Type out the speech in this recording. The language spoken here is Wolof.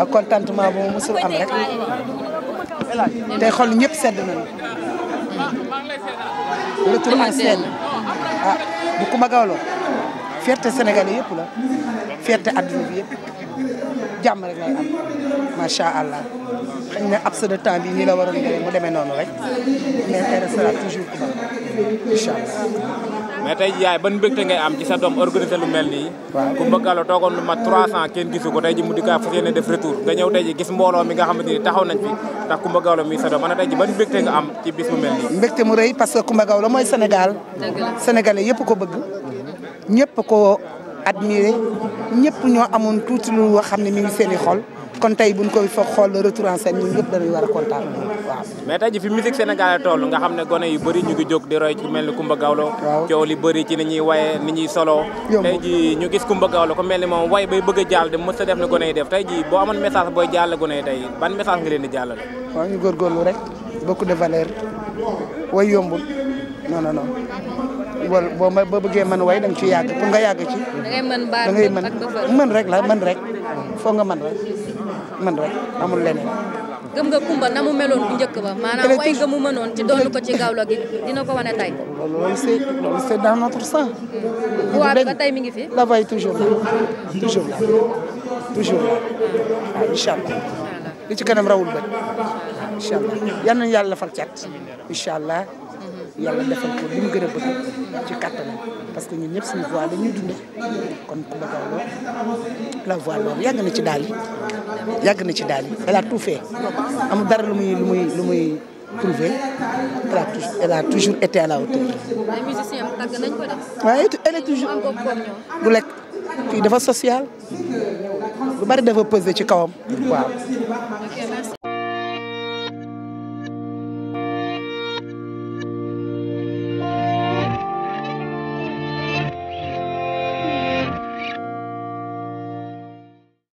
waaw contentement bu ma amee am rek tey xol ñëpp sedd nañu. retour en scène ah bu Coumba Gawlo fierté Sénégal yëpp la fierté adduna bi yëpp. jàmm rek lay am macha allah xëy na abse de temps bi nii la waroon demee mu demee noonu rek mais elle restera toujours Coumba incha allah. mais tey yaay ban mbégte ngay am ci sa doom organisé lu mel nii. waaw Coumba toogoon lu mat 300 kenn gisu ko tey ji mu di kaa fas yéene def retour nga ñëw tey ji gis mbooloo mi nga xamante ni taxaw nañ fi ndax Coumba Gawlo mi sa doom ana tey ji ban mbégte nga am ci bis mu mel nii. mbégte mu rëy parce que Coumba Gawlo mooy Sénégal. Sénégalais yëpp ko bëgg admiré ñëpp ñoo amoon tuuti lu nga xam ne mi ngi seen i xol kon tey buñ koy foog xool retour en scène ñun ñëpp dañuy war a kontaan waaw. mais tey ji fi musique Sénégal toll nga xam ne gone yu bëri ñu ngi jóg di roy ci mel ni Kumba Gawlo. waaw coow li bëri ci ni ñuy waye ni ñuy solo. tey ji ñu gis Kumba Gawlo ko mel ni moom way bay bëgg a jàll de mës a def ne gone yi def tey ji boo amoon message booy jàll gone yi tey ban message nga leen di jàllale. waaw ñu góorgóorlu rek beaucoup de valeur way yombul non non wal boo ma boo bëggee mën way da ci yàgg pour nga yàgg ci. da ngay mën baar da man mën mën rek la man rek foog nga mën rek mën rek amul leneen. gëm nga kumba na mu meloon bu njëkk ba maanaam way nga mu mënoon ci doon ko ci gawlo gi dina ko wane tey. loolu c'est loolu c'est dans notre sang. waa ba tey mi ngi fi. la veille toujours là toujours là toujours là waaw ah, incha allah li ci kanam rawul bët incha allah yal nañu yàlla fal allah. yàlla defal ko li mu gën a bëgg ci kattanam parce que ñun ñëpp suñu voix la ñuy dundee kon yàgg na ci daal yi yàgg na ci daal yi elle a tout fait am dara lu muy lu muy lu muy prouvé à la hauteur. elle est toujours du lekk fii dafa social lu bari dafa pesé ci kawam